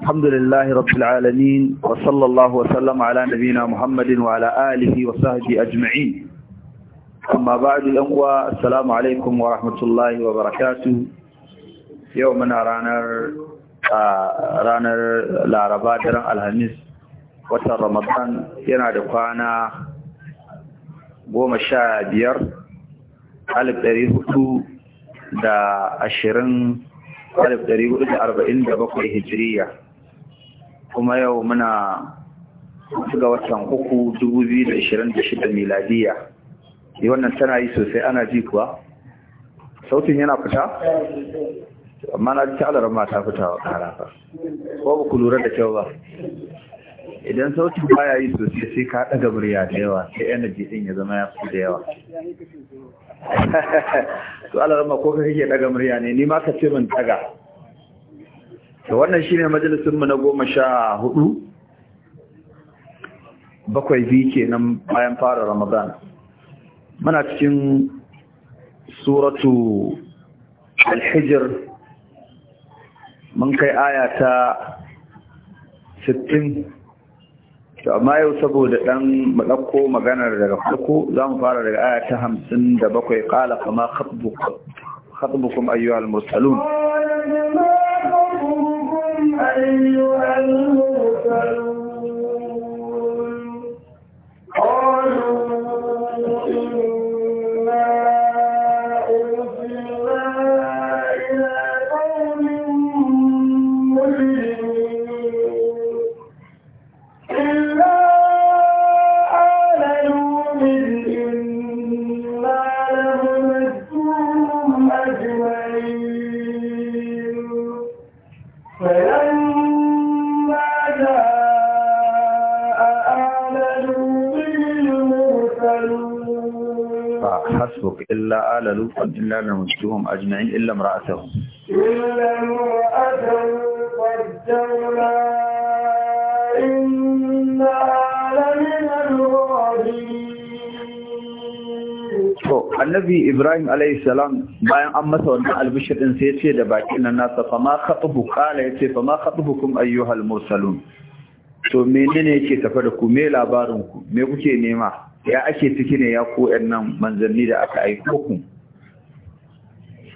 الحمد لله رب العالمين وصلى الله وسلم على نبينا محمد وعلى آله وصحبه أجمعين أما بعد الأخوة السلام عليكم ورحمة الله وبركاته يومنا رانر ranar laraba daren alhamis watan ramadan yana da kwana goma sha biyar alif ɗari hudu da ashirin bakwai hijiriya kuma yau muna ga watan uku 2026 miladiya yi wannan tana yi sosai ana ji kuwa sautin yana fita amma na ji ta'alar ma ta fita wa kara ba ko ba ku lura da kyau ba idan sautin baya yi sosai sai ka ɗaga murya da yawa sai energy din ya zama ya fi da yawa to Allah rama ko kake daga murya ne ni ma ka ce min daga to wannan shine majalisin mu na 14 bakwai bi kenan bayan fara Ramadan muna cikin suratu al-hijr mun kai aya ta to amma yau saboda dan madakko maganar daga farko zamu fara daga aya ta bakwai ƙala kama khatbukum khatbukum ayyuha mursalun mursalun أجمعين إلا امرأته إلا امرأته قدرنا إنها لمن To, annabi Ibrahim salam bayan an masa wannan albishir ɗin sai ce da bakin nan nasa fama khaɗubu ƙala ya ce fama khaɗubukum ayyuhal mursalun. To, menene yake tafa da ku, me labarin ku, me kuke nema, ya ake ciki ne ya ku nan manzanni da aka aiko ku.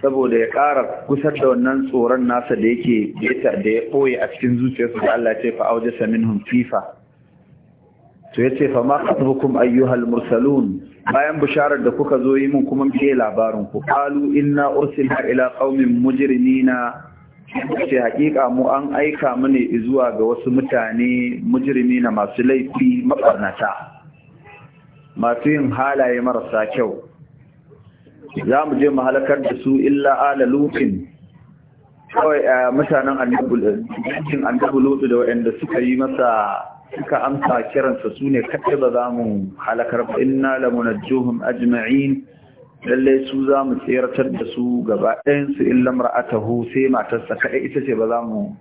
saboda ya ƙara kusar da wannan tsoron nasa da yake da ya ɓoye a cikin zuciyarsu da Allah ce auje samin hun fifa to ya ce fa ma qatbukum ayyuhal mursalun bayan bisharar da kuka zo yi mun kuma ke labarin ku qalu inna ursilna ila qaumin mujrimina ce hakika mu an aika mu ne zuwa ga wasu mutane mujrimina masu laifi mabarnata masu yin halaye marasa kyau za mu je mu halakar da su illa ala lufin? kawai a eh, mutanen annabulutun annabulutu da waɗanda suka yi masa suka amsa kiransa su ne kaɗai ba za mu halakar ba Ina lamuna juhun ajma'in lalle su za mu tseratar da su gaba ɗayansu illa mar'atahu sai matarsa kaɗai ita ce ba za mu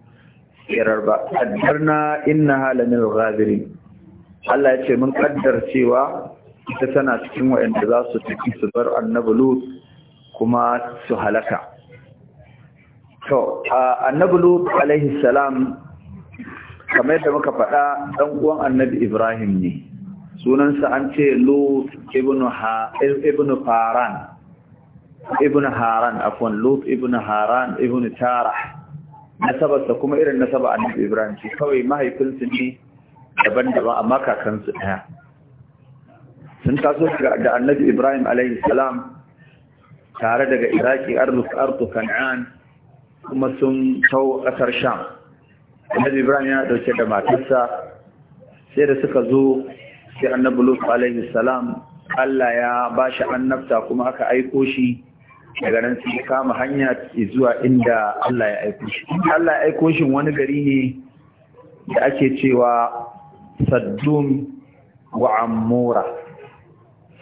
tsirar ba addarna inna halamin ghabirin Allah ya ce mun kaddar cewa ita tana cikin waɗanda za su tafi su bar annabi lut kuma su halaka to annabi lut alaihi salam kamar yadda muka faɗa ɗan uwan annabi ibrahim ne sunansa an ce lut ibn faran ibn haran afwan lut ibn haran ibn tarah nasabarsa kuma irin nasaba annabi ibrahim ce kawai mahaifinsu ne daban-daban amma kakansu ɗaya sun taso da annabi ibrahim alaihi salam tare daga iraki arzu kan'an kuma sun tau ƙasar sham annabi ibrahim ya dauke da matarsa sai da suka zo sai annabi lut alaihi salam Allah ya ba shi annabta kuma aka aiko shi daga nan sai kama hanya zuwa inda Allah ya aiko shi. Allah ya aiko shi wani gari ne da ake cewa Saddum wa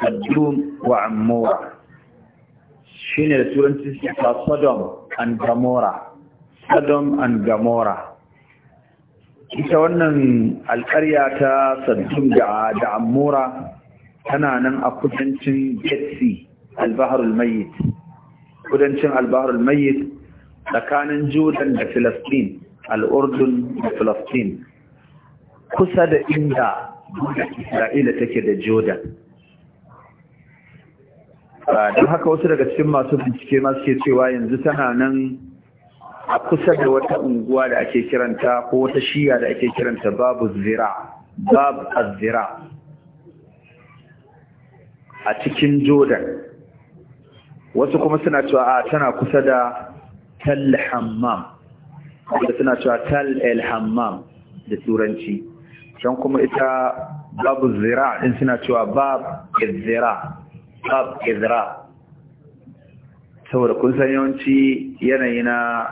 saddum wa ammura shi ne da turanci suke ta sodom and gamora sodom and gamora ita wannan alƙarya ta saddun da ammura tana nan a kudancin getsi albaharul mayit kudancin albaharul mayit tsakanin jordan da Filistin al'urdun da Filistin kusa da inda isra'ila take da jordan don haka wasu daga cikin masu bincike ma suke cewa yanzu tana nan a kusa da wata unguwa da ake kiranta ko wata shiya da ake kiranta babu zira babu azira a cikin jordan wasu kuma suna cewa a tana kusa da tal hammam wanda suna cewa tal el hammam da turanci can kuma ita babu zira din suna cewa babu zira bab izra saboda kun san yawanci yanayi na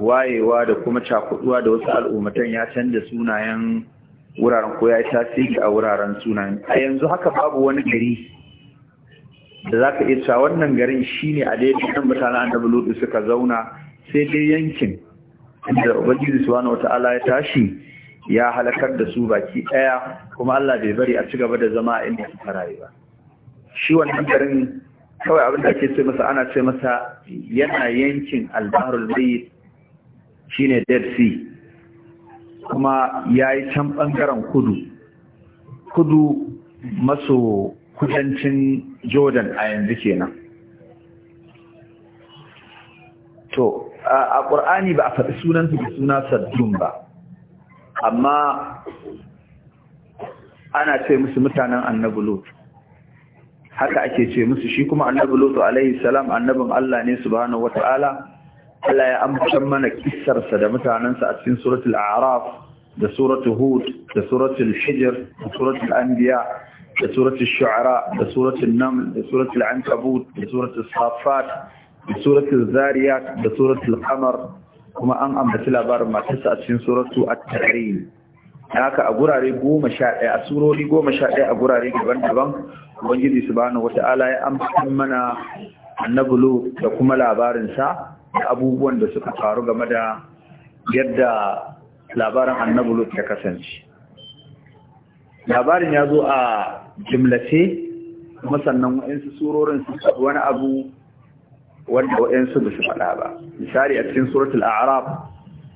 wayewa da kuma cakuduwa da wasu al'ummatan ya canza sunayen wuraren ko ya yi tasiri a wuraren sunayen a yanzu haka babu wani gari da za ka iya wannan garin shine a daidai mutane mutanen annabi lodi suka zauna sai dai yankin inda ubangiji subhanahu wataala ya tashi ya halakar da su baki ɗaya. kuma Allah bai bari a ci gaba da zama a inda suka rayu ba shi wannan garin kawai abin da ake ce masa ana ce masa yana yankin albaharul shi shine dead sea kuma ya yi can bangaren kudu kudu maso kudancin jordan a yanzu kenan to a ƙur'ani ba a faɗi sunansu da suna saddun ba amma ana ce musu mutanen annabi haka ake ce musu shi kuma annabi lutu alaihi salam annabin Allah ne subhanahu wata'ala Allah ya ambata mana kissarsa da mutanensa a cikin suratul a'raf da suratul hud da suratul hijr da suratul anbiya da suratul shu'ara da suratul naml da suratul ankabut da suratul safat da suratul zariyat da suratul qamar kuma an ambaci labarin matarsa a cikin suratul at-tahrim haka a gurare goma sha ɗaya a surori goma sha ɗaya a gurare daban-daban ubangiji wata wata'ala ya amfani mana annabulu da kuma labarinsa da abubuwan da suka faru game da yadda labarin annabulu ta kasance labarin ya zo a jimlace kuma sannan wa'insu surorin su wani abu wanda wa'insu ba su faɗa ba misali a cikin suratul a'raf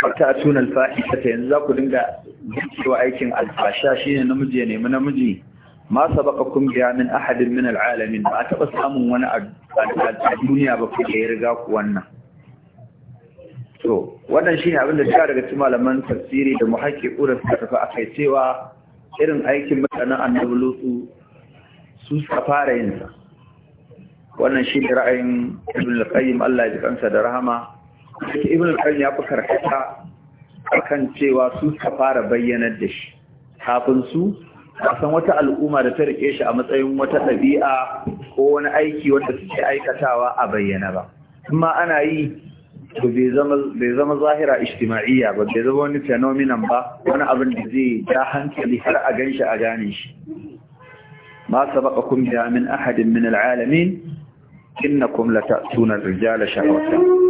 fata tunan fa'ita yanzu za ku dinga cewa aikin alfasha shine namiji ya nemi namiji ma kun biya min ahadin min alalamin ba a taba samun wani a duniya ba ku ya riga ku wannan to wannan shine abin da ta daga cikin malaman tafsiri da muhaqqiqu da suka tafi akai cewa irin aikin mutanen annabi lutu su suka fara yin wannan shi da ra'ayin ibn al-qayyim Allah ya ji da rahama da ibn al-qayyim ya fi karkata akan cewa su ka fara bayyanar da shi kafin su san wata al'umma da ta rike shi a matsayin wata ɗabi'a ko wani aiki wanda suke aikatawa a bayyana ba amma ana yi to bai zama zahira ijtima'iyya ba bai zama wani phenomenon ba wani abin da zai ja hankali har a ganshi a gane shi ma sabaqakum biha min ahadin min al'alamin innakum latatuna ar-rijala shahwatan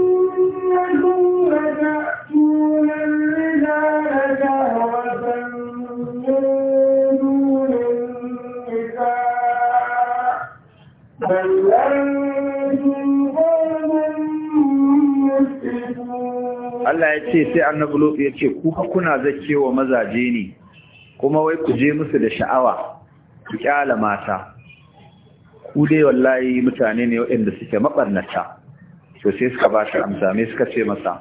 ce sai annabi lutsu ya ce ku kuna wa mazaje ne kuma wai ku je musu da sha'awa ku kyala mata ku dai wallahi mutane ne waɗanda suke maɓarnata to sai suka ba shi amsa me suka ce masa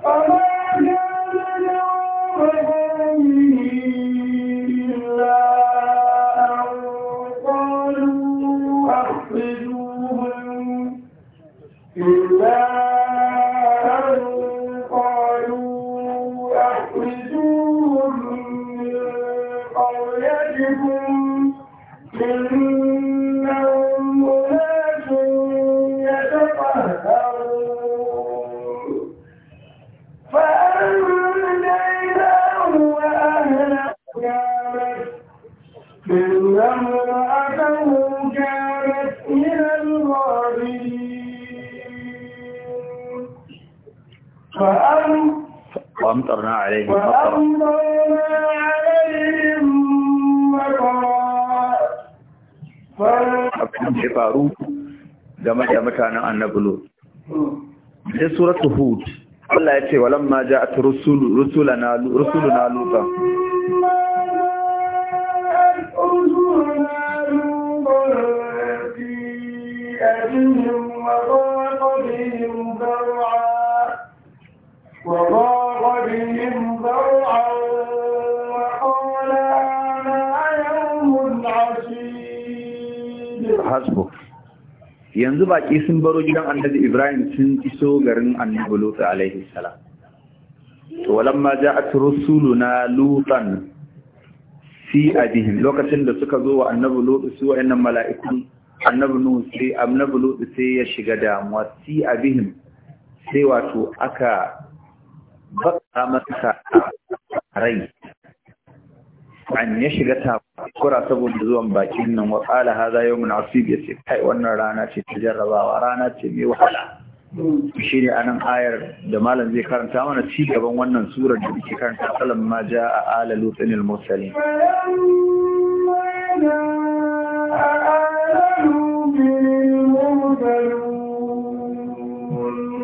وأمطرنا عليهم مطرا abin da ya faru game da mutanen annabulu sai suratu hud Allah ya ce Wa ja'at rusuluna rusuluna lutan Thank you. fasfo yanzu baki sun baro gidan annabi ibrahim sun iso garin annabi lutu alaihi salam to walamma ja'at rusuluna lutan fi abihim lokacin da suka zo wa annabi lutu su wayannan mala'ikun annabi nuhu sai annabi lutu sai ya shiga damuwa fi abihim sai wato aka baka masa rai an ya shiga takura saboda zuwan bakin nan wa ƙala haza yau mun ya ce kai wannan rana ce ta jarrabawa rana ce mai wahala shi ne anan ayar da malam zai karanta mana ci gaban wannan surar da muke karanta salam ma ja a ala lutsin al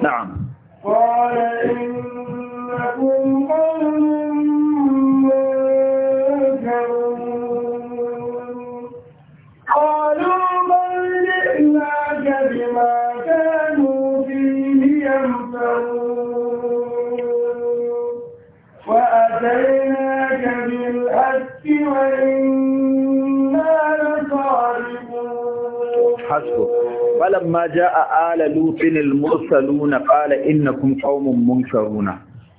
na'am hasbu falamma a ala lutin al-mursaluna qala innakum qaumun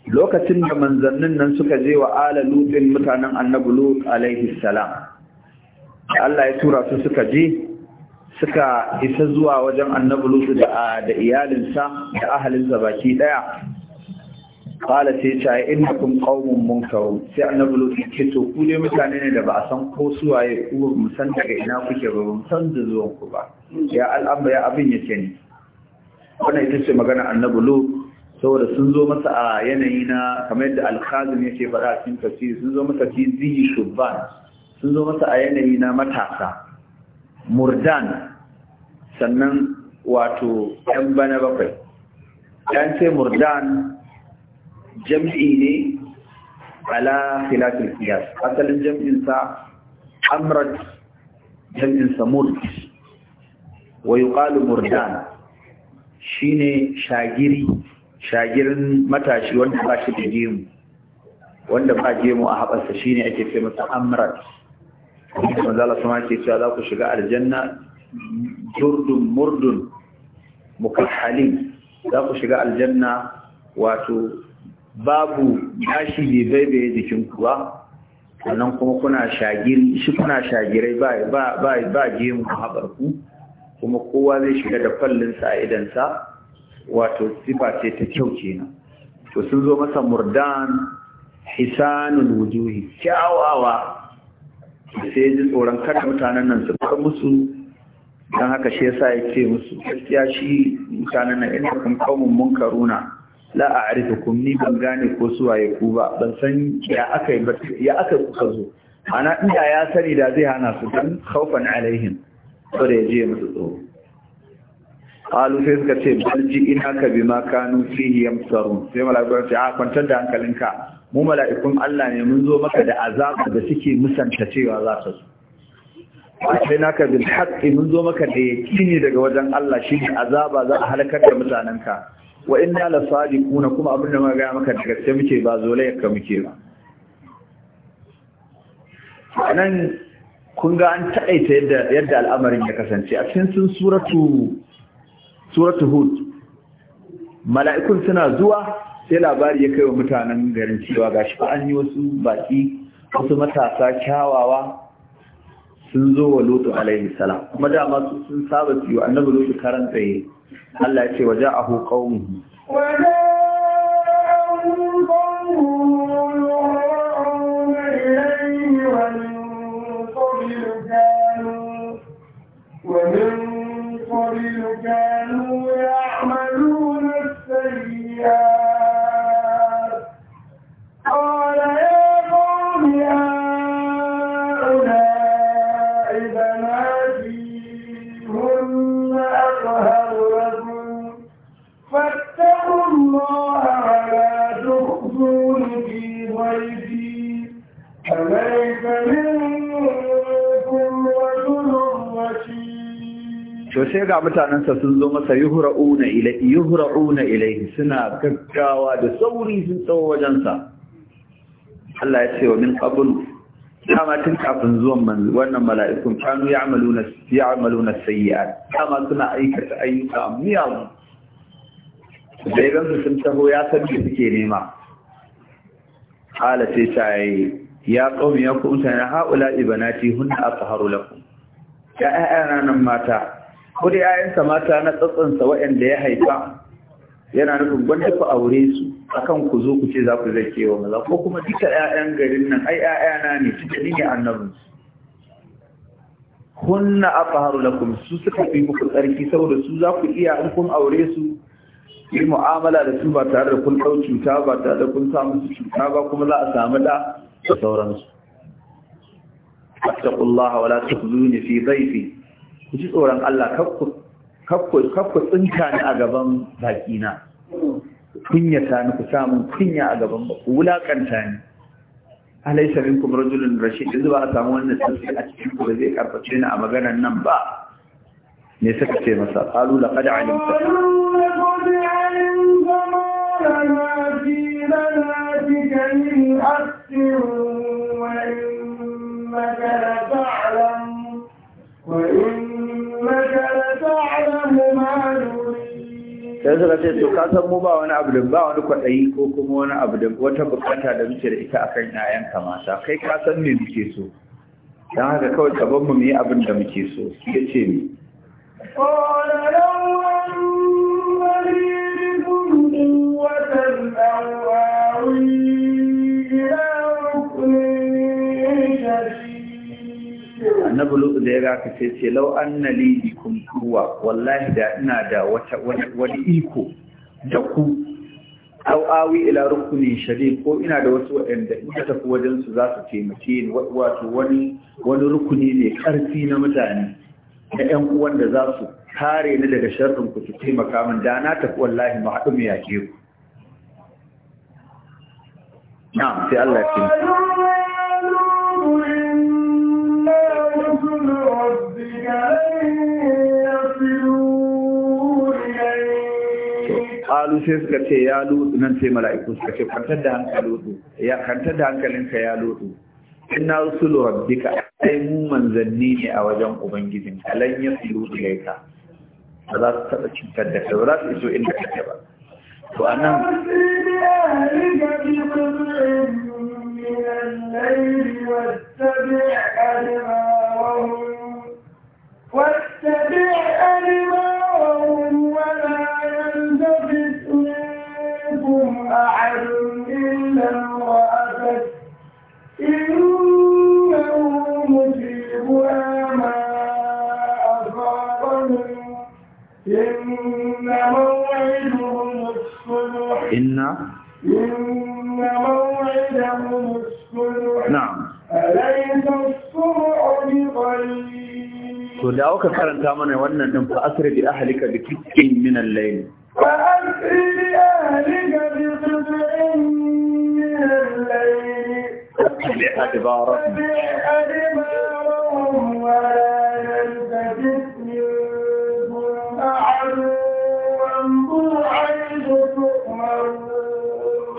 lokacin da manzannin nan suka je wa ala lutin mutanen annabi lut alaihi salam Allah ya tura su suka je suka isa zuwa wajen annabi lut da da iyalinsa da ahalinsa baki daya kala sai ce innakum qaumun munkarun sai annabi lutu ce to ku dai mutane ne da ba a san ko suwaye waye ku mu san daga ina kuke ba mu san da zuwan ku ba ya al'amma ya abin yake ne wannan ita ce magana annabi lutu saboda sun zo masa a yanayi na kamar yadda alkhazin yake faɗa a cikin tafsiri sun zo masa fi zihi shubban sun zo masa a yanayi na matasa murdan sannan wato 'yan bana bakwai 'yan ce murdan jam'i ne ala filafil qiyas asalin jam'in sa amrat jam'in sa murd wa yuqalu murdan ne shagiri shagirin matashi wanda ba shi da gemu wanda ba gemu a haɓarsa shine ake ce masa amrat manzo Allah sama ke cewa za ku shiga aljanna jurdun murdun mukahhalin za ku shiga aljanna wato babu gashi bai baibaye jikin kuwa ba sannan kuma kuna shagiri shi kuna shagirai ba ba ba ba mu habar kuma kowa zai shiga da fallin sa idan sa wato sifa ce ta kyau kenan to sun zo masa murdan hisanul wujuhi kyawawa sai ji tsoron kada mutanen nan su bar musu dan haka shi yasa ya ce musu gaskiya shi mutanen nan inda kun kaumun munkaruna la a arifukum ni ban gane ko waye ku ba ban san ya aka yi ya aka kuka zo ana inda ya sani da zai hana su dan khawfan alaihim saboda ya je musu tsoro qalu sai suka ce balji ina ka ma kanu fihi yamsarun sai mala'ikun ce a ah, kwantar da hankalinka mu mala'ikun Allah ne mun zo maka da azaba da suke musanta cewa za ka zo sai naka bil haqqi mun zo maka da yakini daga wajen Allah shi azaba za a halakar da mutanenka. wa inna la sadiquna kuma abin da muka ga maka da gaske muke ba zolai ka muke ba anan kun ga an taƙaita yadda yadda al'amarin ya kasance a cikin sun suratu suratu hud mala'ikun suna zuwa sai labari ya kai wa mutanen garin cewa gashi an yi wasu baki wasu matasa kyawawa sun zo wa lutu alaihi salam kuma dama sun saba su yi annabi lutu karan tsaye Allah ya ce waje a hukaunmu. mu. to sai ga mutanensa sun zo masa yuhra'una ilayhi yuhra'una ilayhi suna gaggawa da sauri sun tsawo wajensa Allah ya ce wa min qablu dama tun kafin zuwan manzo wannan mala'ikun kanu ya'maluna ya'maluna sayyi'at dama suna aikata ayyuka miyagu Zai gansu sun taho ya san me suke nema Hala sai ta yi ya qaumi ya ku mutane haula ibanati hunna atharu lakum ya ayyana nan mata ko da ‘ya'yansa mata na tsatsansa waɗanda ya haifa yana nufin gwanda ku aure su akan ku zo ku ce za ku zai kewa maza ko kuma duka ‘ya'yan garin nan ai ‘ya'yana ne duka ni ne annabin hunna afaharu lakum su suka fi muku tsarki saboda su za ku iya in kun aure su yi mu'amala da su ba tare da kun ɗau cuta ba tare da kun samu su cuta ba kuma za a samu da da sauransu. Attaqullaha ta la tukhzuni fi zaifi ku ji tsoron Allah kakku tsinka ni a gaban bakina kunyata ni ku samun kunya a gaban ku wulakanta ni alaisa minkum rajulun rashid yanzu ba a samu wannan tafsir a cikin ku da zai karfafe ni a maganar nan ba me suka ce masa qalu laqad alimta وإنك لتعلم sai suka ce to ka san mu ba wani abu da ba wani kwaɗayi ko kuma wani abu da wata bukata da muke da ita akan 'ya'yanka mata kai ka san me muke so don haka kawai ka bar mu mu yi abin da muke so ya ce ni قال لو أن لي بكم قوة annabi lutsu da ya raka sai ce lau na li bikum kuwa wallahi da ina da wani iko da ku aw awi ila rukunin shadid ko ina da wasu wa'anda in ka tafi wajen su za su taimake ni wato wani wani rukuni ne karfi na mutane da ƴan uwan da za su kare ni daga sharrin ku su taimaka min da na tafi wallahi mu haɗu mu yaƙe ku na'am sai Allah ya taimaka kalu sai suka ce ya lutu nan sai mala'iku suka ce kwantar da hankali lutu ya kwantar da hankalin hankalinka ya lutu inna rusulu rabbika ai mu manzanni ne a wajen ubangijin kalan ya filu ilaika ba za su taɓa cutar da kai ba za su iso inda kake ba to anan واتبع أدبارهم واتبع أدبارهم أحد إلا امرأتك إنه ما أصابهم إن موعدهم الصبح إن إن موعدهم الصبح نعم أليس الصبح بقريب to da aka karanta mana wannan din fa asri bi ahlika bi kitkin min al-layl fa asri bi ahlika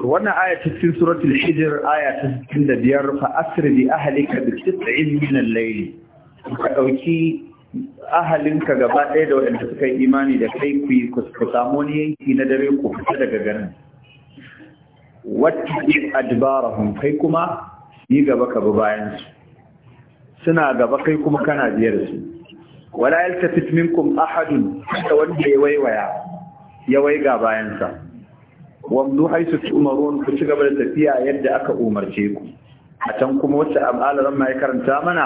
wannan aya ta cikin suratul hijr aya ta biyar fa asri bi ahlika bi tis'in min al-layl ka dauki ahalinka gaba ɗaya da waɗanda suka yi imani da kai ku ku samu wani yanki na dare ku fita daga garin wata adbarahum kai kuma yi gaba ka bi bayan su suna gaba kai kuma kana biyar su wala yaltafit minkum ahadun da wanda ya waiwaya ya waiga bayan sa wamdu haisu tumarun ku ci gaba da tafiya yadda aka umarce ku a can kuma wacce al'alar ma ya karanta mana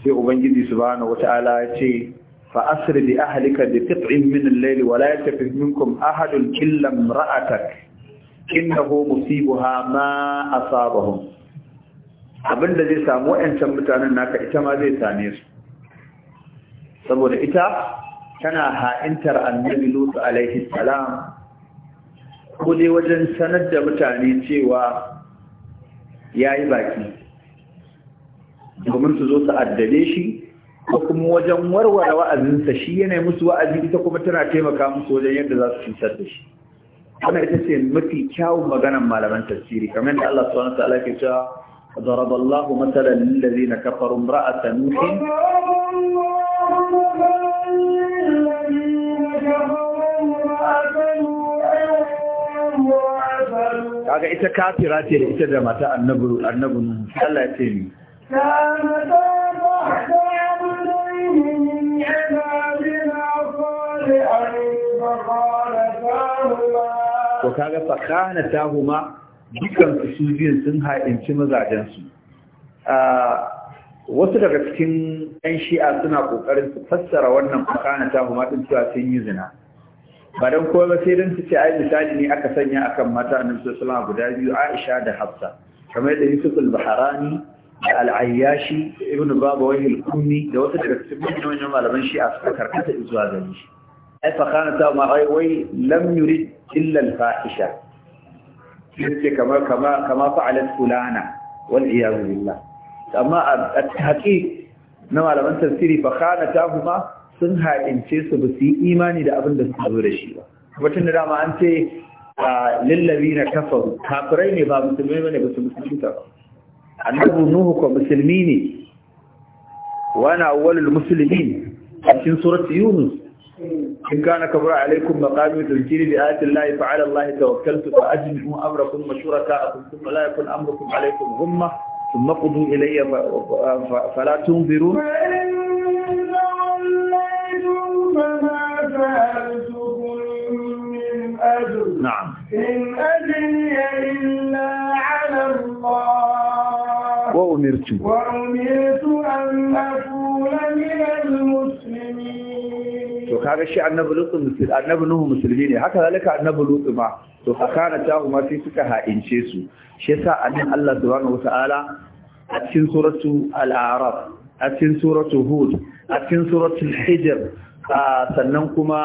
sai ubangiji subhanahu wata'ala ya ce fa asri bi ahlika bi qit'in min al-layl wa la yaltafit minkum ahadun illa imra'atak innahu musibuha ma asabahum abin da zai samu wa'ancan mutanen naka ita ma zai same su saboda ita tana ha'intar annabi lutu alaihi salam ko dai wajen sanar da mutane cewa ya yi baki domin su zo su addade shi ko kuma wajen warware wa'azinsa shi yanayi musu wa'azi ita kuma tana taimaka musu wajen yadda za su cutar da shi wannan ita ce mafi kyawun maganan malaman tafsiri kamar yadda Allah subhanahu wa ta'ala ke cewa ضرب الله مثلا للذين كفروا امرأة نوح kaga ita kafira ce da ita da mata annabu annabu Allah ya ce ni ko kaga fakana tahuma dukansu su biyun sun ha'inci mazajensu wasu daga cikin 'yan shi'a suna ƙoƙarin su fassara wannan fakana ta huma cewa sun yi zina ba don kowa ba sai don su ce ai misali ne aka sanya akan mata annabi sallallahu guda biyu Aisha da Hafsa kamar yadda Yusuf al-Baharani da al-Ayyashi Ibn Baba wani al da wasu daga cikin manyan malaman shi'a suka karkata zuwa gani ai fakana ta ma wai lam yurid illa al-fahisha yace kamar kama kama fa'alat fulana wal iyad billah amma at na malaman tafsiri fa khana sun haɗince su ba su yi imani da abin da suka zo da shi ba Wata da dama an ce lillabi na kafaru kafirai ne ba musulmi ba ne ba su musulmi ba annabu nuhu ko musulmi ne wa na awwalul muslimin a cikin surat yunus إن كان كبر عليكم مقامي وتذكيري بآيات الله فعلى الله توكلت فأجمعوا أمركم وشركاءكم ثم لا يكن أمركم عليكم غمة ثم قضوا إلي فلا تنظرون نعم إن أجري إلا على الله وأمرت وأمرت kaga shi annabi lutu musul annabi nuhu musulmi ne haka zalika annabi lutu ma to fakana ta huma sai suka ha'ince su shi yasa annabi Allah subhanahu wataala a cikin suratu al-a'raf a cikin suratu hud a cikin suratu hijr sannan kuma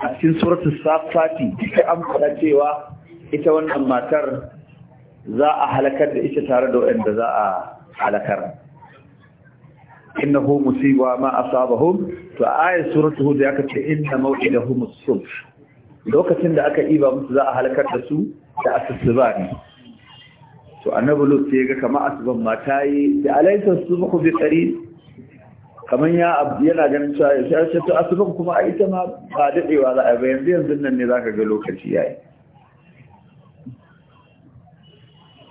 a cikin suratu safati sai an fara cewa ita wannan matar za a halakar da ita tare da waɗanda za a halakar innahu musiba ma asabahum to a ayar surat hud ya kace inna maw'idahum as sulh lokacin da aka iba musu za a halakar da su da asusuba ne to annabi lut sai ga kamar asuban mata yi da alaysa subhu bi qarin kamar ya yana ganin cewa ya ce to asuban kuma a ita ma ba dadewa za a ba yanzu nan ne zaka ga lokaci yayi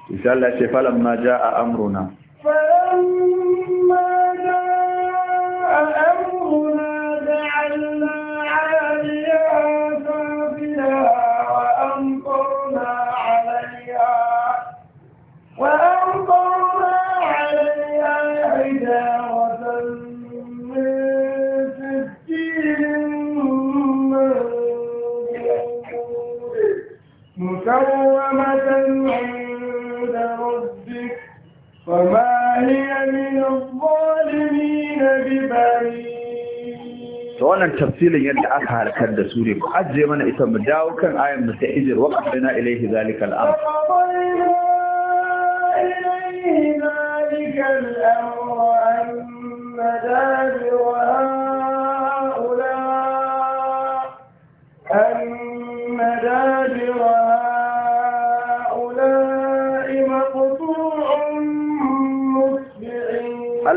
insha Allah sai falamma jaa amruna falamma jaa amruna جعلنا عاليها وأمطرنا عليها وأمطرنا عليها من عند ربك وما Da wannan tafsirin yadda aka harkar da su ne ku ajiye mana ita mu dawo kan ayan mu ta ijir wa qadina ilayhi zalika al-amr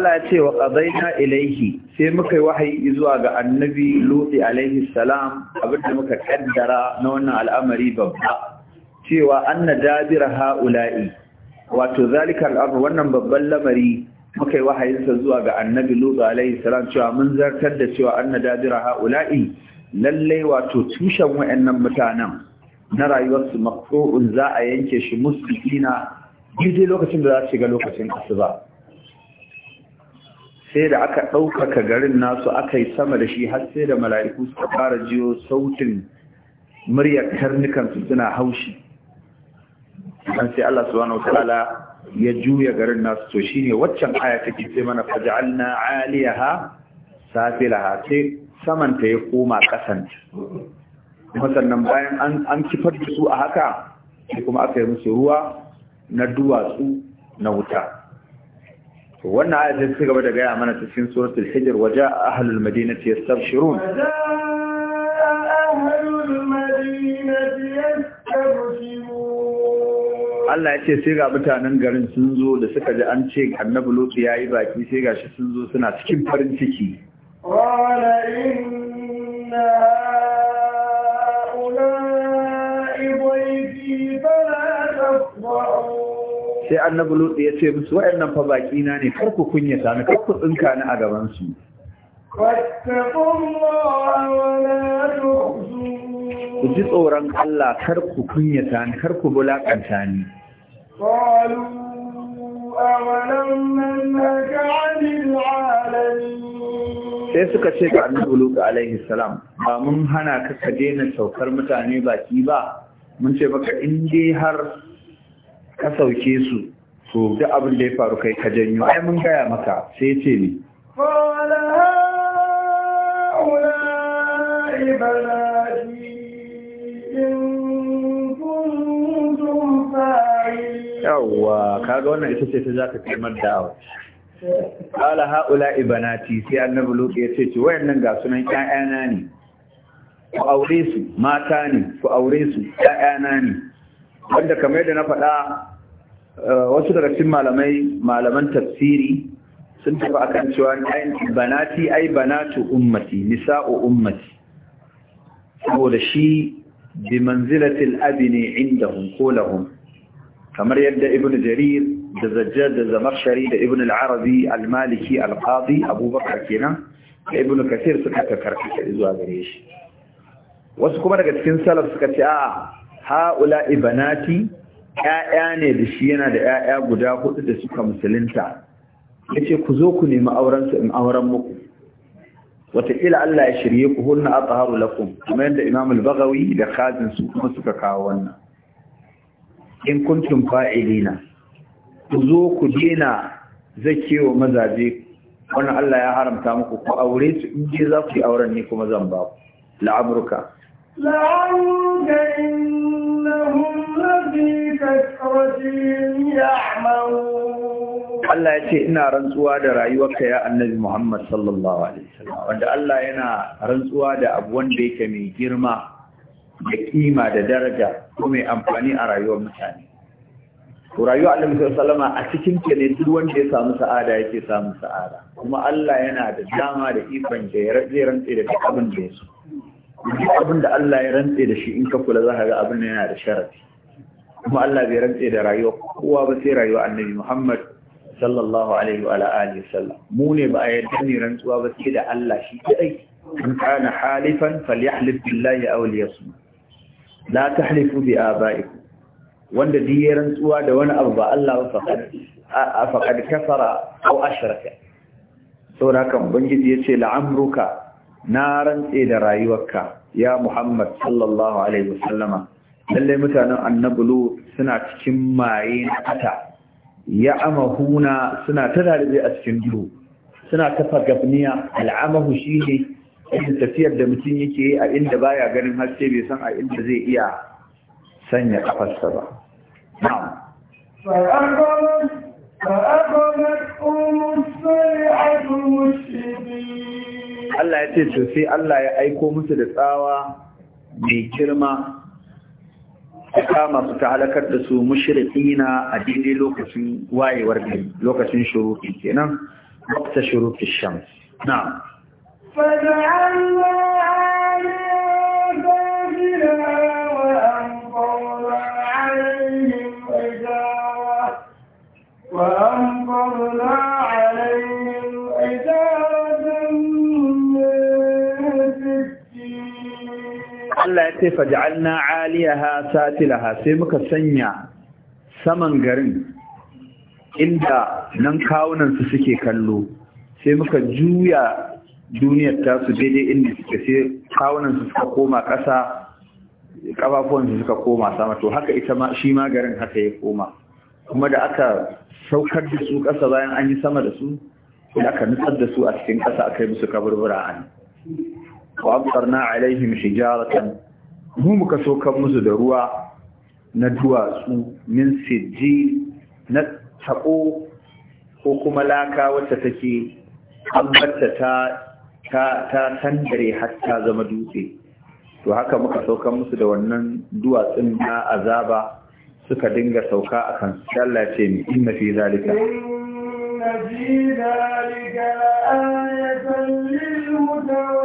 Allah ya ce wa qadaina ilaihi sai muka yi wahayi zuwa ga annabi Luti alaihi salam abinda muka kaddara na wannan al'amari babba cewa anna dabira haula'i wato zalika al'amr wannan babban lamari muka yi wahayin sa zuwa ga annabi Luti alaihi salam cewa mun zartar da cewa anna dabira haula'i lalle wato tushen wayannan mutanen na rayuwarsu maqtu'un za a yanke shi muslimina daidai lokacin da za su shiga lokacin asuba sai da aka ɗaukaka garin nasu aka yi sama da shi har sai da mala'iku suka fara jiyo sautin muryar su suna haushi dan sai Allah subhanahu wataala ya juya garin nasu to shine waccan aya take ce mana faj'alna 'aliyaha safilaha sai saman ta ya koma kasan kuma sannan bayan an an kifar da su a haka sai kuma aka yi musu ruwa na duwatsu na wuta wannan ayat da suka gaba da gaya mana ta cikin suratul hijr waja ahlul madinati yastabshirun Allah ya ce sai ga mutanen garin sun zo da suka ji an ce annabi Lutu ya yi baki sai gashi sun zo suna cikin farin ciki. Wala inna sai annabi lutsi ya ce musu wa'annan fa baki na ne kar ku kunyata ni kar ku tsinka ni a gaban su ku ji tsoron Allah kar ku kunyata ni kar ku bulakanta ni sai suka ce ga annabi lutsi alaihi salam ba mun hana ka ka daina saukar mutane baki ba mun ce maka in dai har ka sauke su so da abin da ya faru kai ka janyo ai mun gaya maka sai ce ni yawwa kaga wannan ita ce ta za ta kaimar awa? kala haula ibanati sai annabi lutu ya ce ce wayannan ga sunan ƴaƴana ne ku aure su mata ne ku aure su ƴaƴana ne wanda kamar yadda na faɗa Eh, wasu daga cikin malamai malaman tafsiri sun tafi a kan cewa banati ai banatu ummati nisa'u ummati saboda shi bi manzilatil abi ne indahum ko lahum kamar yadda ibnu jarir da zajjad da zamakshari da ibnu al-arabi al-maliki al-qadi abubakar kenan da ibnu kathir suka karkashi shi zuwa gare shi wasu kuma daga cikin salaf suka ce a haula ibanati 'ya'ya ne da shi yana da 'ya'ya guda hudu da suka musulunta ya ce ku zo ku nemi aurensu in auren muku wataƙila Allah ya shirye ku hunna a tsaharu lakum kuma yadda imamul bagawi da kazin su kuma suka kawo wannan in kuntum fa'ilina ku zo ku dena zakewa mazaje wannan Allah ya haramta muku ku aure su in je za ku yi auren ne kuma zan ba ku la'amurka la'amurka innahum Allah ya ce ina rantsuwa da rayuwarka ya annabi Muhammad sallallahu Alaihi wasallam wanda Allah yana rantsuwa da abu wanda yake mai girma da kima da daraja ko mai amfani a rayuwar mutane. To rayuwar annabi sallallahu a cikin ke ne duk wanda ya samu sa'ada yake samu sa'ada kuma Allah yana da dama da ikon da ya rantse da abin da ya so. Duk abin da Allah ya rantse da shi in ka kula za ka ga abin yana da sharafi. kuma Allah bai rantse da rayuwa kowa ba sai rayuwa annabi Muhammad sallallahu alaihi wa alihi sallam mu ne ba a yarda ne rantsuwa ba sai da Allah shi kadai in kana halifan falyahlif billahi aw liyasmut la tahlifu bi abaikum wanda duk ya rantsuwa da wani abu ba Allah ba faqad kafara aw ashraka saboda kan ubangiji yace la'amruka na rantse da rayuwarka ya Muhammad sallallahu alaihi wa wasallama lalle mutanen annabulu suna cikin maye na ata ya amahuna suna ta dalibai a cikin duhu suna tafa gabniya al'amahu shi ne irin tafiyar da mutum yake yi a inda baya ganin haske bai san a inda zai iya sanya kafarsa ba na'am Allah ya ce sosai Allah ya aiko musu da tsawa mai girma kama su ta halakar da su mushrikina a daidai lokacin wayewar gari lokacin shuruki kenan wata shuruki shams na'am ce faj'alna 'aliyaha satilaha sai muka sanya saman garin inda nan kawunan su suke kallo sai muka juya duniyar tasu daidai inda suke sai kawunan suka koma ƙasa ƙafafuwansu suka koma sama to haka ita ma shi ma garin haka ya koma kuma da aka saukar da su ƙasa bayan an yi sama da su da aka nutsar da su a cikin ƙasa aka yi musu kaburbura an wa abtarna alaihim hijaratan mu muka sokan musu da ruwa na duwatsu min sijji na taɓo ko kuma laka wacce take ambata ta ta ta tandare har ta zama dutse to haka muka sauka musu da wannan duwatsun na azaba suka dinga sauka akan su Allah ce ni inna fi zalika inna fi zalika ayatan lil mutawakkilin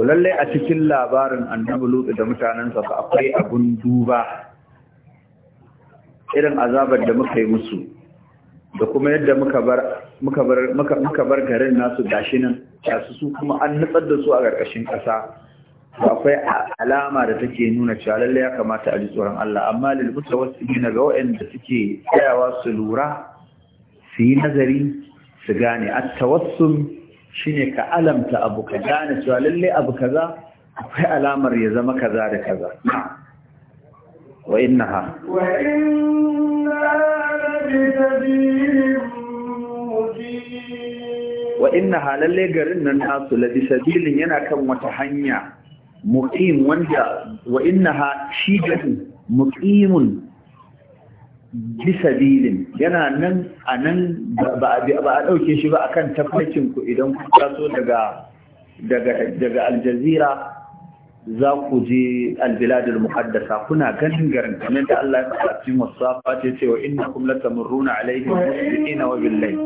to lallai a cikin labarin annabi lutsu da mutanensa ba akwai abun duba irin azabar da muka yi musu da kuma yadda muka bar garin nasu gashi nan su su kuma an nutsar da su a ƙarƙashin ƙasa akwai alama da take nuna cewa lallai ya kamata a ji tsoron Allah amma lilbuta wasu ina ga waɗanda suke tsayawa su lura su yi nazari su gane a tawassun shine ka alamta abu ka gane cewa lalle abu kaza akwai alamar ya zama kaza da kaza wa ha? wa wa ha lalle garin nan nasu labi sabilin yana kan wata hanya muqim wanda wa ha shi garin muqimun Bisa bilin. yana nan a nan ba a ɗauke shi ba a kan tafarkinku idan ku taso daga aljazira za ku je albiladul muhaddasa kuna ganin garin da Allah ya faɗa cikin wasafa ce cewa innakum latamurruna alaihim musbiqina wa billahi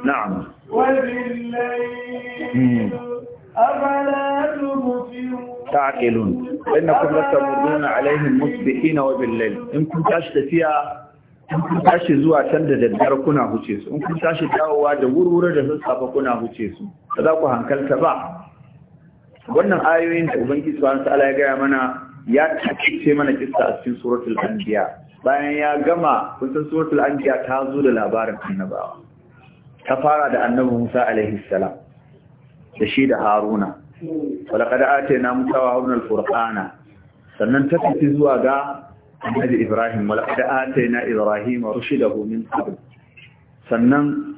na'am wa hmm. billahi ta'qilun innakum latamuruna alaihim musbihina wa bil-layl in in kun tashi zuwa can da daddare kuna huce su in kun tashi dawowa da wurwure da sassafe kuna huce su ba za ku hankalta ba wannan ayoyin da ubangiji subhanahu ta'ala ya gaya mana ya takice mana kissa a cikin suratul anbiya bayan ya gama kusan san suratul anbiya ta zo da labarin annabawa ta fara da annabi Musa alaihi salam da shi da haruna walaqad atayna musa wa haunar Furkana sannan ta tafi zuwa ga annabi ibrahim na Ibrahim ibrahima da min abu sannan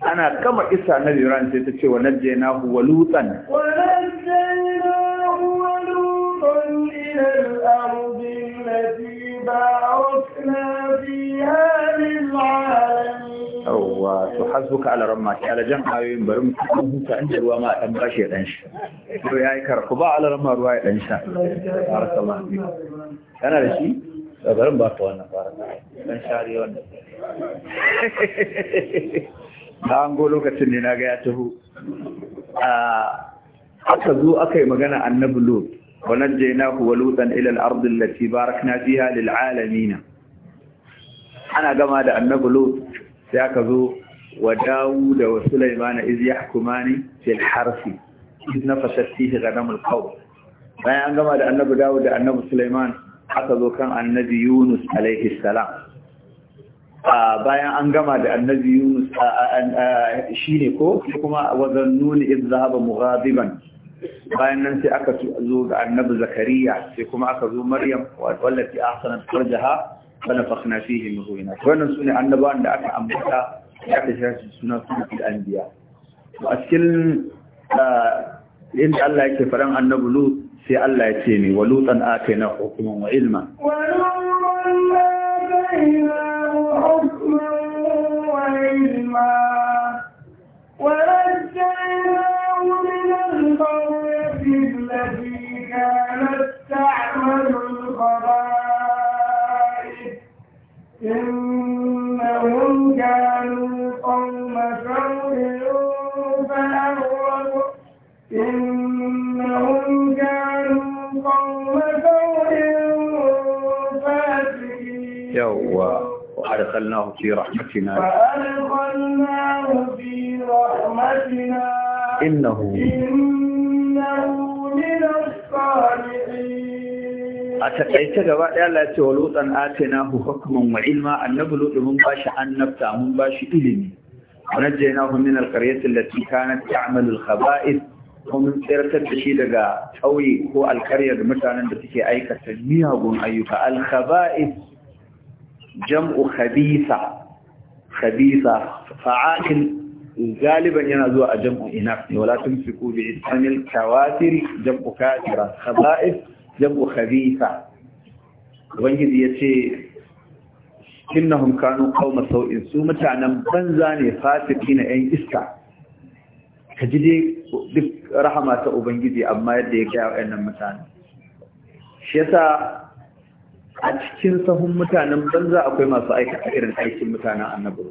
ana kama isa na ibrahim sai ta ce wa najjaynahu wa lutan wa najjaynahu wa lutan ila al-ardi allati barakna to hasbuka ala ramma ta ala jan ayoyin bari mu kan huta inda ruwa ma dan bashi dan shi to yayi ba ala ramma ruwa ya dan sha barakallahu kana da shi da ba ta wannan dan shari wannan da an go lokacin ne na ga ya taho aka zo aka yi magana annabi lut wa najjaynahu wa lutan ila al-ardi ana gama da annabi lut sai aka zo wa Dawuda wa Sulaiman iz yahkumani fil harfi iz nafashat fihi ghanamul bayan an gama da annabi Dawud da annabi Suleiman, aka zo kan annabi Yunus alaihi salam bayan an gama da annabi Yunus shine ko kuma nuni in zahaba mughadiban bayan nan sai aka zo ga annabi zakariya sai kuma aka zo maryam wallati ahsanat farjaha fa nafakhna fihi min ruhina wannan sune annabawan da aka ambata ya ta shi suna suratul anbiya to a cikin inda Allah yake faran annabu lut sai Allah ya ce ne wa lutan atayna hukman wa ilma wa lutan atayna hukman wa ilma فألقناه في رحمتنا فألقناه في رحمتنا إنه إنه من الصالحين أتكيت جواء لا تولوطا آتناه حكما وعلما أن نبلوط من باش عن نبتا من باش إلمي ونجيناه من القرية التي كانت تعمل الخبائث ومن tsirtar da shi daga ƙauye ko alƙaryar mutanen da suke aikata miyagun jam'u khabisa khabisa fa'akil galiban yana zuwa a jam'u inaf ne wala tumsiku bi ismil kawatir jam'u katira khaba'is jam'u khabisa ubangiji yace innahum kanu qauma sau'in su mutanen banza ne fasiki na yan iska kaji dai duk rahama ta ubangiji amma yadda ya ga wayannan mutane shi yasa a cikin sahun mutanen banza akwai masu aikata irin aikin mutanen annabi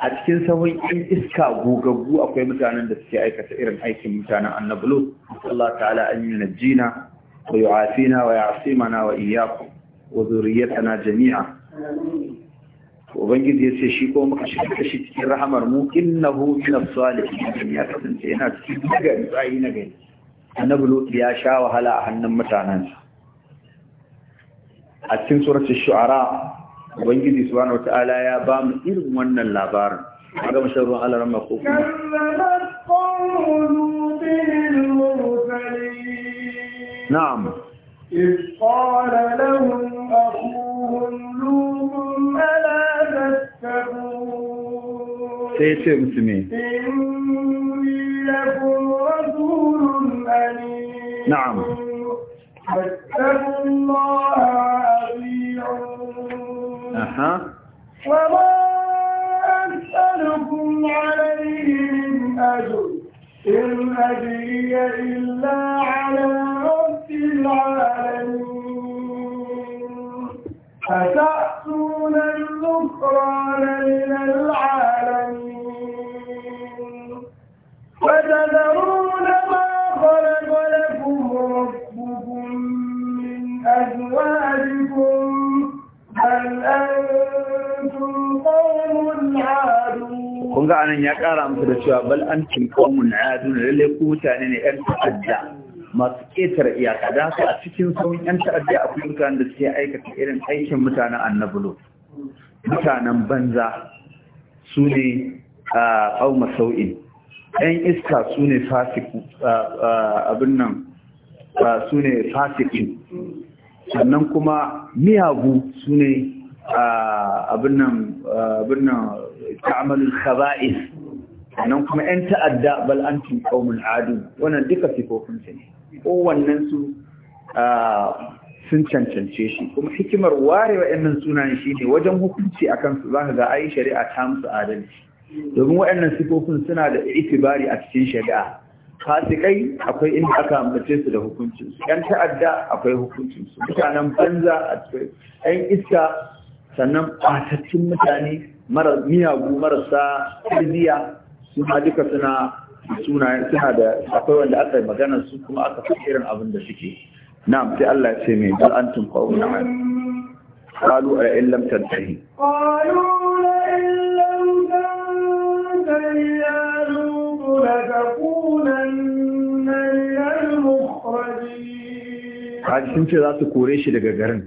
a cikin sahun in iska gogaggu akwai mutanen da suke aikata irin aikin mutanen annabi Allah ta'ala an yi najjina wa yu'afina wa ya'simana wa iyyakum wa zurriyatana jami'a ubangiji ya ce shi ko muka ta shi cikin rahamar mu innahu min as-salihin ya kasance yana cikin gari tsayi na gari annabi ya sha wahala a hannun mutanensa a cikin suratul shu'ara ubangiji subhanahu wataala ya ba mu irin wannan labarin ga masharru ala ramma ko na'am إذ قال لهم أخوهم لوط ألا تتقون سيتي مسمي إني لكم رسول أمين نعم فاتقوا الله ها وما أسألكم عليه من أجر إن أجري إلا على رب العالمين أتأتون الذكران من العالمين وتذرون ما خلق لكم ربكم من أزواجكم kun ga anan ya ƙara musu da cewa bal an qaumun adun lalle ko mutane ne yan ta'adda masu ƙetare iyaka da haka a cikin sauyin yan ta'adda akwai mutanen da suke aikata irin aikin mutanen annabulo mutanen banza su ne a ƙauma sau'in ‘yan iska su ne fasiku abin su ne fasikin sannan kuma miyagu su ne abin nan ta'amalin khaba'is sannan kuma 'yan ta'adda bal'antin ƙaunin adu wannan duka sifofinsa ne su sun cancance shi kuma hikimar ware waɗannan sunayen shi ne wajen hukunci a kansu za ka ga ai shari'a ta musu adalci domin waɗannan sifofin suna da itibari a cikin shari'a fasikai akwai inda aka ambace su da hukuncin su yan ta'adda akwai hukuncin su mutanen banza a cikin yan iska sannan batattun mutane mara miyagu marasa tarbiya su ma duka suna suna suna da akwai wanda aka yi magana su kuma aka fi irin abin da suke na'am sai Allah ya ce mai bal antum qawmun qalu a illam tantahi qalu kaji sun ce za su kore shi daga garin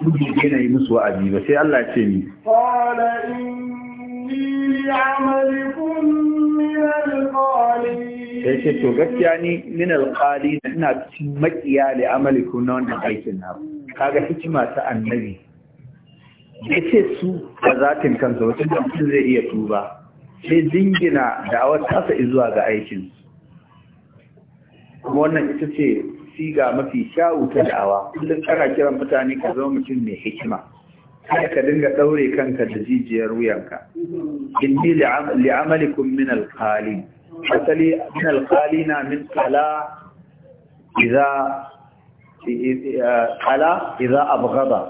duk yana yi musu wa'azi ba sai Allah ce ni qala inni min al sai ce to gaskiya ni min al da ina cikin makiya da amalikum na wannan aikin na kaga hikima ta annabi ya ce su a zatin kansa wata da mutum zai iya tuba sai dingina da awar tasa izuwa ga aikin kuma wannan ita ce siga mafi kyawu ta da'awa kullum kana kiran mutane ka zama mutum mai hikima kada ka dinga daure kanka da jijiyar wuyanka inni li'amalikum min alqali asali min alqalina min qala idza qala idza abghada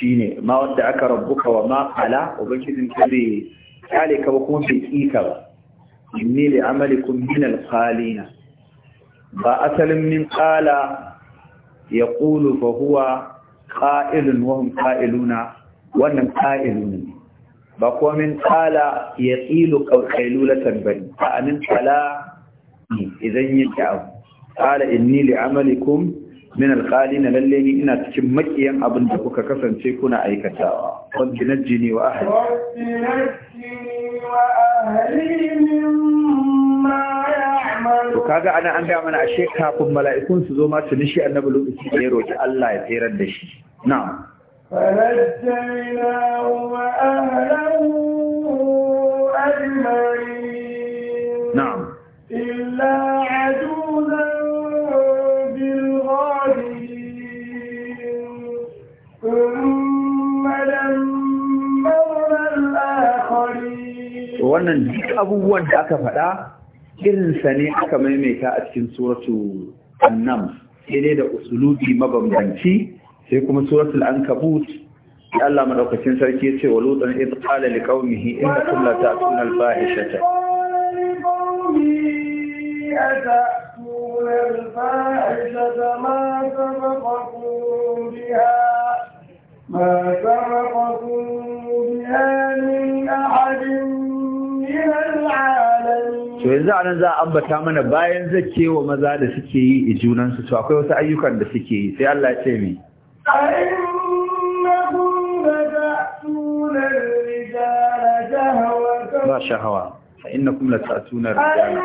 shine ma wadda aka rabbuka wa ma qala ubangijin ka bai kale ka ba kuma bai kika ba inni li'amalikum min alqalina ba asalin min ya ƙulu ba huwa qa'ilun wa hum wannan qa'ilun ba ko min qala yaqilu ba a min anin qala idan yake abu qala inni li'amalikum min na lalle ni ina cikin makiyan abin da kuka kasance kuna aikatawa na jini wa ahli to kaga ana an ga mana ashe kafin mala'ikun su zo ma su nishi annabi lokaci da ya roki Allah ya tsirar da shi na'am فنجيناه وأهله أجمعين نعم إلا عجوزا في الغابرين ثم دمرنا الآخرين wannan duk abubuwan da aka faɗa sa ne aka maimaita a cikin suratu annam sai dai da usulubi mabambanci sai kuma suratul ankabut ya Allah madaukakin sarki ya ce wa lutan id qala liqaumihi innakum la ta'tuna al-fahishata ما سبقكم بها من to yanzu a nan za a ambata mana bayan zakewa maza da suke yi a junansu to akwai wasu ayyukan da suke yi sai Allah ya ce mi ba shahawa fa innakum la ta'tuna rijala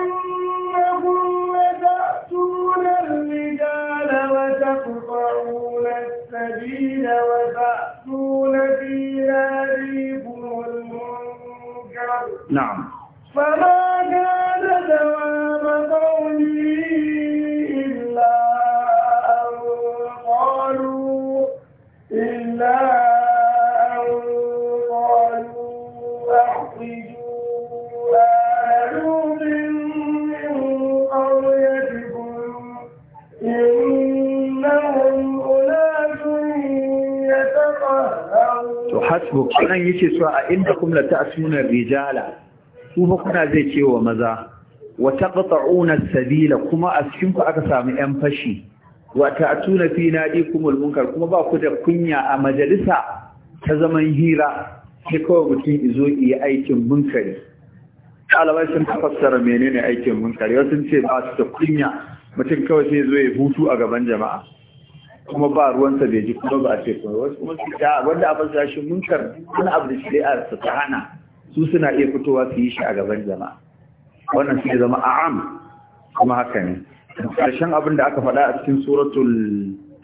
وتقطعون to kanan yake cewa a inda kum la ta'suna rijala ku fa kuna zai wa maza wata taqta'una as-sabila kuma a cikin ku aka samu yan fashi wata a tuna fi nadikumul munkar kuma ba ku da kunya a majalisa ta zaman hira sai kawai mutum izo yi aikin munkari ɗalibai sun fassara menene aikin munkari wasu ce ba su da kunya mutum kawai sai zo ya hutu a gaban jama'a kuma ba ruwansa bai ji kuma ba a ce kuma wasu kuma ah, su ta wanda a fasa shi munkar wani abu da shari'a su ta hana su suna iya fitowa su yi shi a gaban jama'a wannan su zama a'am kuma haka ne karshen abin da aka faɗa a cikin suratul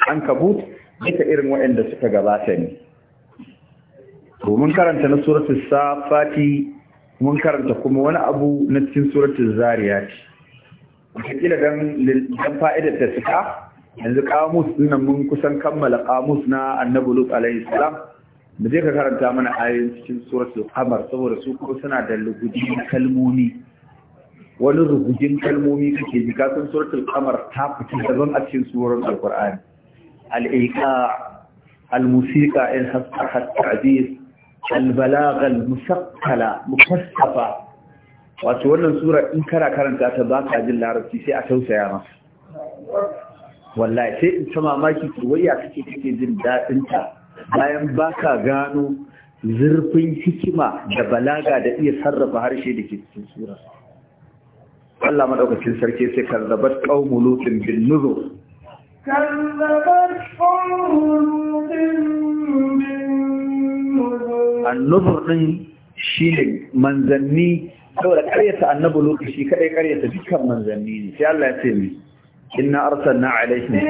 ankabut duka irin waɗanda suka gabata ne mun karanta na suratul safati mun karanta kuma wani abu na cikin suratul zariyat wataƙila don fa'idar da suka yanzu kamus nan mun kusan kammala kamus na annabi lut alaihi salam da zai ka karanta mana ayoyin cikin suratul qamar saboda su kuma suna da lugudin kalmomi wani rugujin kalmomi kake ji ka san suratul qamar ta fita daban a cikin surar alqur'ani al-iqa al-musiqa in hasaka ta'dil al-balagha al-musaqqala mukassafa wato wannan sura in kana karanta ta baka jin larabci sai a tausaya masa wallahi sai in ta mamaki waya kake kake jin daɗin ta bayan baka gano zurfin hikima da balaga da iya sarrafa harshe da ke cikin sura Allah madaukakin sarki sai karzabat qaumu lutin bin nuzur karzabat qaumu lutin bin nuzur an din shine manzanni saboda karyata annabu lokaci kadai karyata dukkan manzanni ne sai Allah ya ce mi إنا أرسلنا عليهم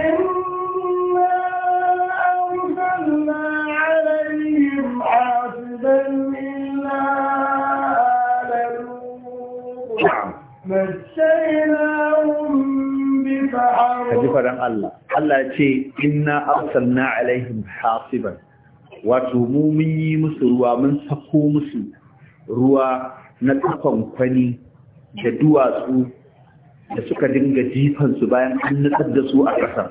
Kaji Allah, Allah ce, Inna arsalna alaihim hasiban, wato mu mun yi musu ruwa mun sako musu ruwa na kwani da duwatsu da suka dinga jifansu bayan an nutsar da su a ƙasar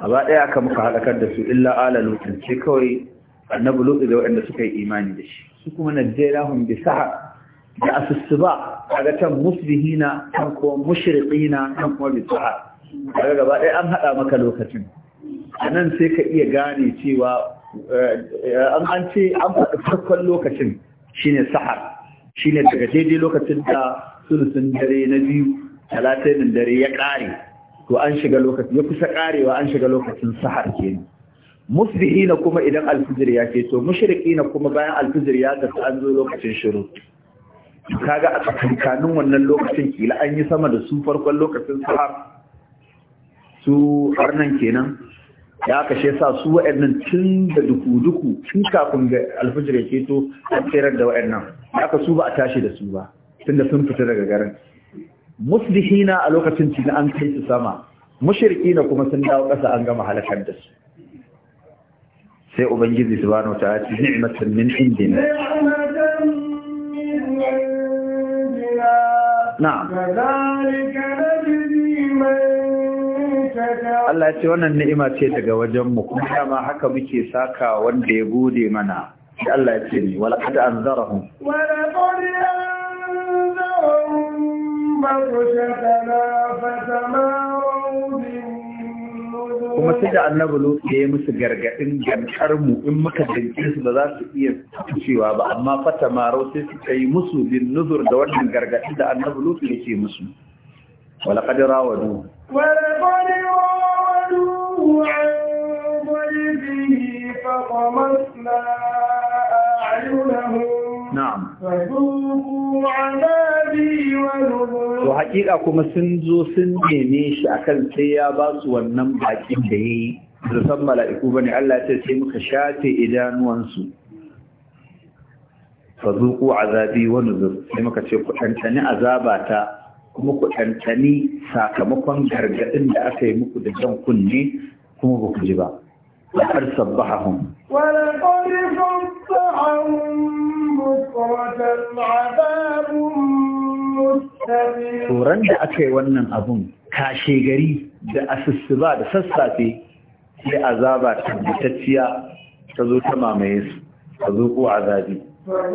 a ba ɗaya aka muka haɗakar da su illa ala lokacin ce kawai annabu lutu da waɗanda suka yi imani da shi su kuma najjera hun bi sa da a ga can musbihina kan kuma mushriqina kan kuma bi sa'a ga gaba ɗaya an haɗa maka lokacin a nan sai ka iya gane cewa eh, an ce an faɗi farkon lokacin shine sahar Shi ne daga daidai lokacin da sulusun dare na biyu talatin dare ya ƙare to an shiga lokacin ya kusa ƙarewa an shiga lokacin sahar kenan na kuma idan alfijir ya ke to na kuma bayan alfijir ya tafi an zo lokacin shiru kaga a tsakankanin wannan lokacin kila an yi sama da su farkon lokacin sahar su harnan kenan ya aka shi sa su waɗannan tun da duku-duku tun kafin ga alfijir ya keto a tserar da waɗannan aka su ba a tashi da su ba tun da sun fita daga garin Musulhina a lokacin cikin an kai su sama mushriki na kuma sun dawo ƙasa an gama halakar da su sai ubangiji subhanahu ya ci ni'matan min indina na'am Allah ya ce wannan ni'ima ce daga wajen mu kuma dama haka muke saka wanda ya gode mana shi Allah ya ce ni wala qad anzarahum wala qad anzarahum barshatana fatamaru kuma sai da annabi lu ya yi musu gargadin gantar mu in muka danke su ba za su iya cewa ba amma fata maro sai su kai musu bin nuzur da wannan gargadin da annabi Lut ke musu wala qad rawadu To haƙiƙa kuma sun zo sun neme shi a kan sai ya ba su wannan baƙin da ya yi, da san mala'iku ba ne Allah ce sai muka shafe idanuwansu. Fazuku azabi wani zur, sai muka ce ku ɗanɗani azabata kuma ku ɗanɗani sakamakon gargaɗin da aka yi muku da jan kunne kuma ba ku ji ba laqad sabbahahum wa laqad sabbahahum bukratan adabun mutane? turan da aka yi wannan abun kashe gari da asusuba da sassafe sai azaba tabbatacciya ta zo ta mamaye su ta zo ko azabi Allah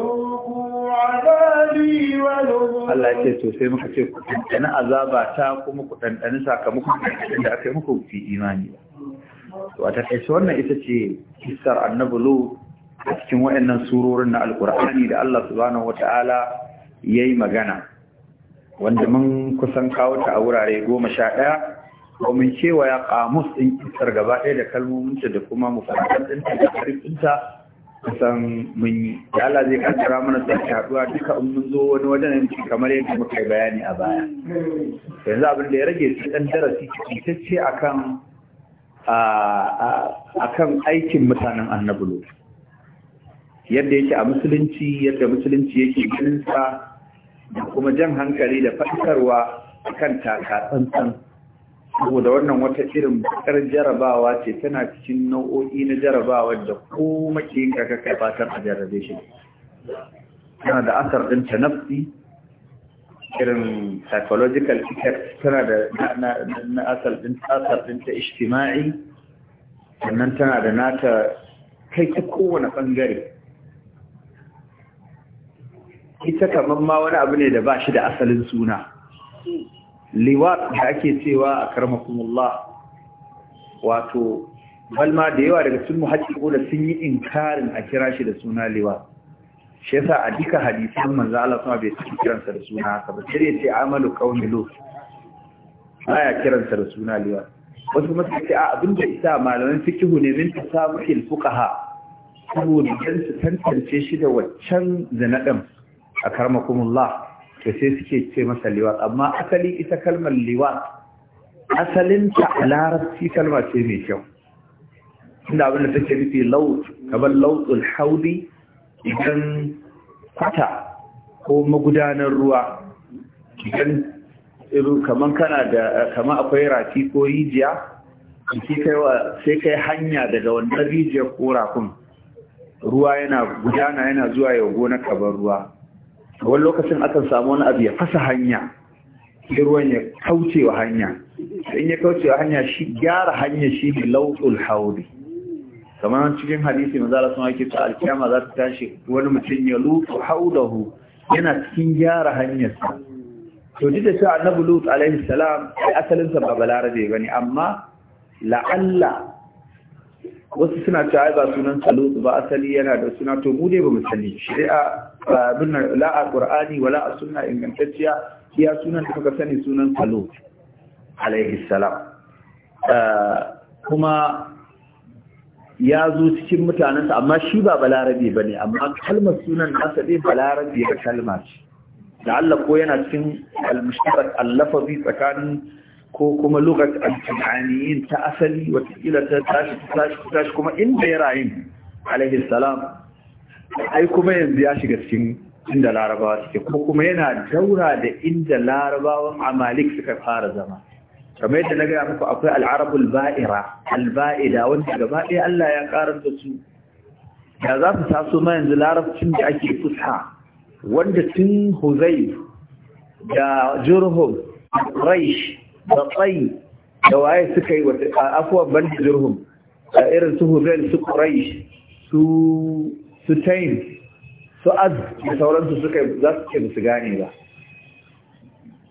ya ce to sai muka ce ku ɗanɗani azaba ta kuma ku ɗanɗani sakamakon da aka yi muku fi imani ba. To a takaice wannan ita ce kisar annabulu a cikin waɗannan surorin na Alƙur'ani da Allah subhanahu wata'ala ya yi magana. Wanda mun kusan kawo ta a wurare goma sha ɗaya, domin cewa ya ƙamus ɗin kisar gaba ɗaya da kalmominta da kuma mufarkar ɗinta da harfinta kusan mun yi da Allah zai kaddara mana sake haɗuwa duka in mun zo wani wajen kamar yadda muka yi bayani a baya yanzu abin da ya rage su dan darasi cikakke akan akan aikin mutanen annabulo yadda yake a musulunci yadda musulunci yake ganin sa da kuma jan hankali da faɗakarwa kan taka saboda wannan wata irin bakar jarabawa ce tana cikin nau'o'i na jarabawa da ko yin kaka kai fatan a jarrabe shi tana da asar ɗin ta nafsi irin psychological effect tana da na asar ɗin asar ɗin ta ishtima'i sannan tana da nata kai ta kowane ɓangare ita kamar ma wani abu ne da ba shi da asalin suna liwat da ake cewa a karmakumullah wato balma da yawa daga cikin muhajjiku da sun yi inkarin a kira shi da suna liwat shi yasa a duka hadisan manzo Allah kuma bai ci kiransa da suna haka ba sai yace amalu qaumi lut aya kiransa da suna liwat wasu kuma suka ce a abinda isa malaman fikihu ne min tasawuhil fuqaha saboda dan su tantance shi da waccan zanadan a karmakumullah to sai suke ce masa liwat amma asali ita kalmar liwat asalinta a larabci kalma ce mai kyau inda abinda take nufi laut kamar lautul haudi idan kwata ko magudanar ruwa idan kamar kana da kamar akwai rafi ko rijiya sai kai hanya daga wannan rijiyar ko rafin ruwa yana gudana yana zuwa ya gona kabar ruwa wani lokacin akan samu wani abu ya fasa hanya sai ruwan ya kaucewa hanya in ya kaucewa hanya shi gyara hanya shi ne lautul hauri kamar cikin hadisi maza Allah sun ake ta alkiyama za ta tashi wani mutum ya lutu haudahu yana cikin gyara hanyarsa to ji da cewa annabi lut alaihi salam asalinsa ba balarabe bane amma la'alla wasu suna ta ai ba sunan salo ba asali yana da suna to mu ne ba mu sani shari'a ba bin la alqur'ani wala a sunna ingantacciya ya sunan da muka sani sunan salo. alaihi salam eh, kuma ya zo cikin mutanen mutanensa amma shi ba Balarabi ba ne amma kalmar sunan nasa dai Balarabi ya kalma ce da Allah ko yana cikin al lafazi tsakanin ko kuma lugat al-kananiyin ta asali watakila ta tashi tashi tashi kuma inda ya rayu alaihi salam ai kuma yanzu ya shiga cikin inda larabawa suke ko kuma yana daura da inda larabawa amalik suka fara zama kamar yadda na gaya muku akwai al'arabul ba'ira alba'ida wanda gaba ɗaya Allah ya karar da su da za su taso ma yanzu larabcin da ake fusha wanda tun huzai da jurhum raish da tsayi da waye suka yi wata afuwa ban da a irin su hudel su kurai su su su az da sauransu suka yi za su ce su gane ba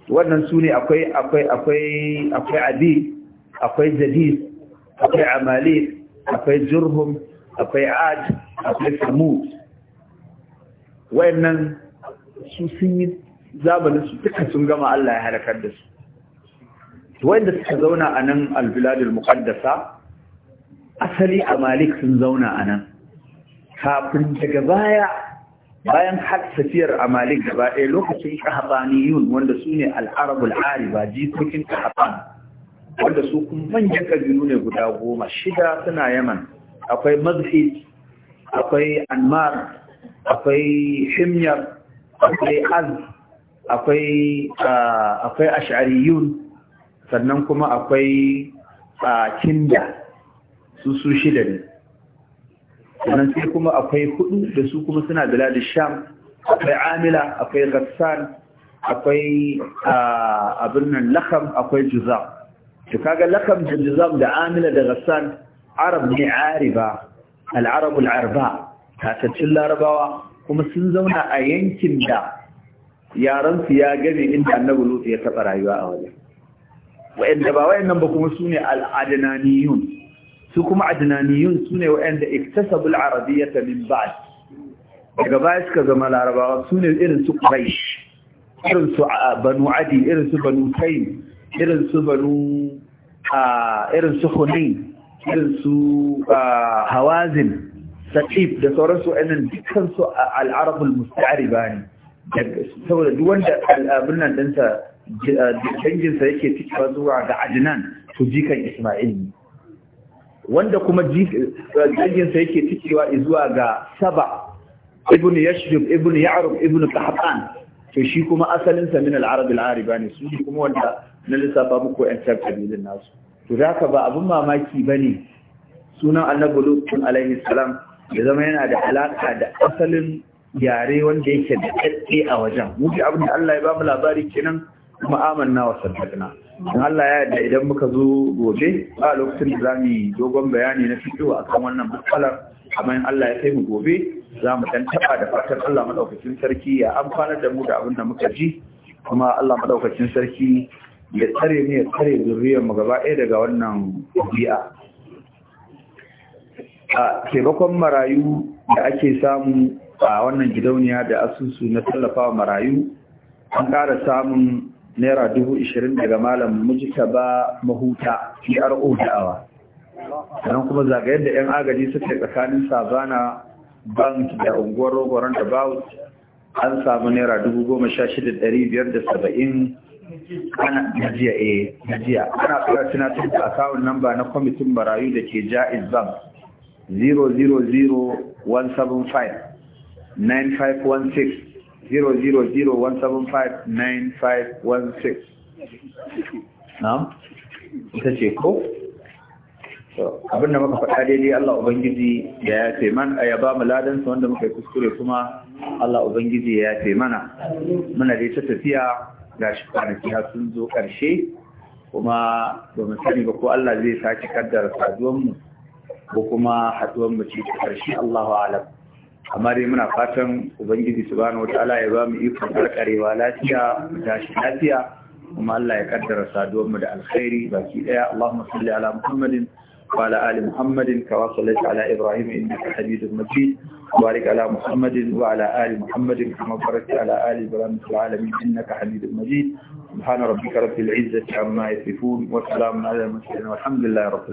wannan su ne akwai akwai akwai akwai adi akwai jadid akwai amali akwai jirhum akwai ad akwai samud wayannan su sun yi zamanin su duka sun gama Allah ya halakar da su wanda suka zauna a nan albiladul muqaddasa asali a malik sun zauna a nan kafin daga baya bayan har tafiyar a malik gaba ɗaya lokacin kahabaniyun wanda su ne al'arabul ariba jikokin kahaban wanda su kuma manyan ƙabilu ne guda goma shida suna yaman akwai mazhid akwai anmar akwai himyar akwai az akwai ah, ash'ariyun sannan kuma akwai kinda su su shida ne sannan sai kuma akwai hudu da su kuma suna da sham akwai amila akwai gassan akwai abin nan lakam akwai juzam to kaga lakam da juzam da amila da gassan arab ne ariba al'arab al'arba tatattun larabawa kuma sun zauna a yankin da yaransu ya gane inda annabi lutu ya taɓa rayuwa a wajen wa'anda ba wa'annan ba kuma su ne adnaniyun su kuma adinaniyun su ne wa'anda iktasabu al-arabiyyata min ba'd daga baya suka zama larabawa ne irin su quraish irin su banu adi irin su banu taym irin su banu irin su hunin irin su hawazin saqif da sauransu wa'annan dukkan su al'arabul musta'ari musta'riba ne saboda duk wanda abin nan dinsa danginsa yake cikewa zuwa ga Adnan to jikan Isma'il wanda kuma danginsa yake cikewa zuwa ga Saba ibn Yashrib ibn Ya'rub ibn Tahtan to shi kuma asalin sa min al-Arab al-Ariba ne su kuma wanda na lissafa muku ƴan kabilun nasu to zaka ba abun mamaki bane sunan Annabi Lutun alaihi salam ya zama yana da alaka da asalin yare wanda yake da tsaye a wajen mu abin da Allah ya ba mu labari kenan kuma amanna wa sadaqna in Allah ya yarda idan muka zo gobe a lokacin da zamu yi dogon bayani na fito akan wannan matsalar amma in Allah ya kai mu gobe zamu dan taba da fatan Allah madaukakin sarki ya amfana da mu da abin da muka ji kuma Allah madaukakin sarki ya tsare ne ya tsare zuriyar mu gaba ɗaya daga wannan biya. a taimakon marayu da ake samu a wannan gidauniya da asusu na tallafawa marayu an ƙara samun naira dubu ishirin daga malam mujita ba mahuta pro da'awa sannan kuma zagayen da 'yan agaji suke tsakanin sabana bank da unguwar rogoron da baut an samu naira dubu goma sha shida ɗari biyar da saba'in ana gajiya eh, a gajiya ana tsara tunatun da akawun namba na kwamitin marayu da ke ja'iz bank 000175 9516 six na? ita ce ko? abinda muka faɗa daidai Allah Ubangiji ya yafe mana ya yaba mu ladansa wanda muka yi kuskure kuma Allah Ubangiji ya yafe mana muna dai ta tafiya ga shi kwanaki har sun zo ƙarshe kuma ba mu sani ba ko Allah zai sake kaddara saduwan mu ko kuma haduwan mu ce ƙarshe Allahu alam amma dai muna fatan ubangiji subhanahu wataala ya ba mu ikon karkarewa lafiya mu tashi lafiya kuma Allah ya kaddara saduwar mu da alkhairi baki daya Allahumma salli ala Muhammadin wa ala ali Muhammadin kama sallaita ala Ibrahim innaka Hamidum Majid وبارك على محمد وعلى آل محمد كما باركت على آل إبراهيم في العالمين إنك حميد مجيد سبحان ربك رب العزة عما يصفون وسلام على المرسلين والحمد لله رب العالمين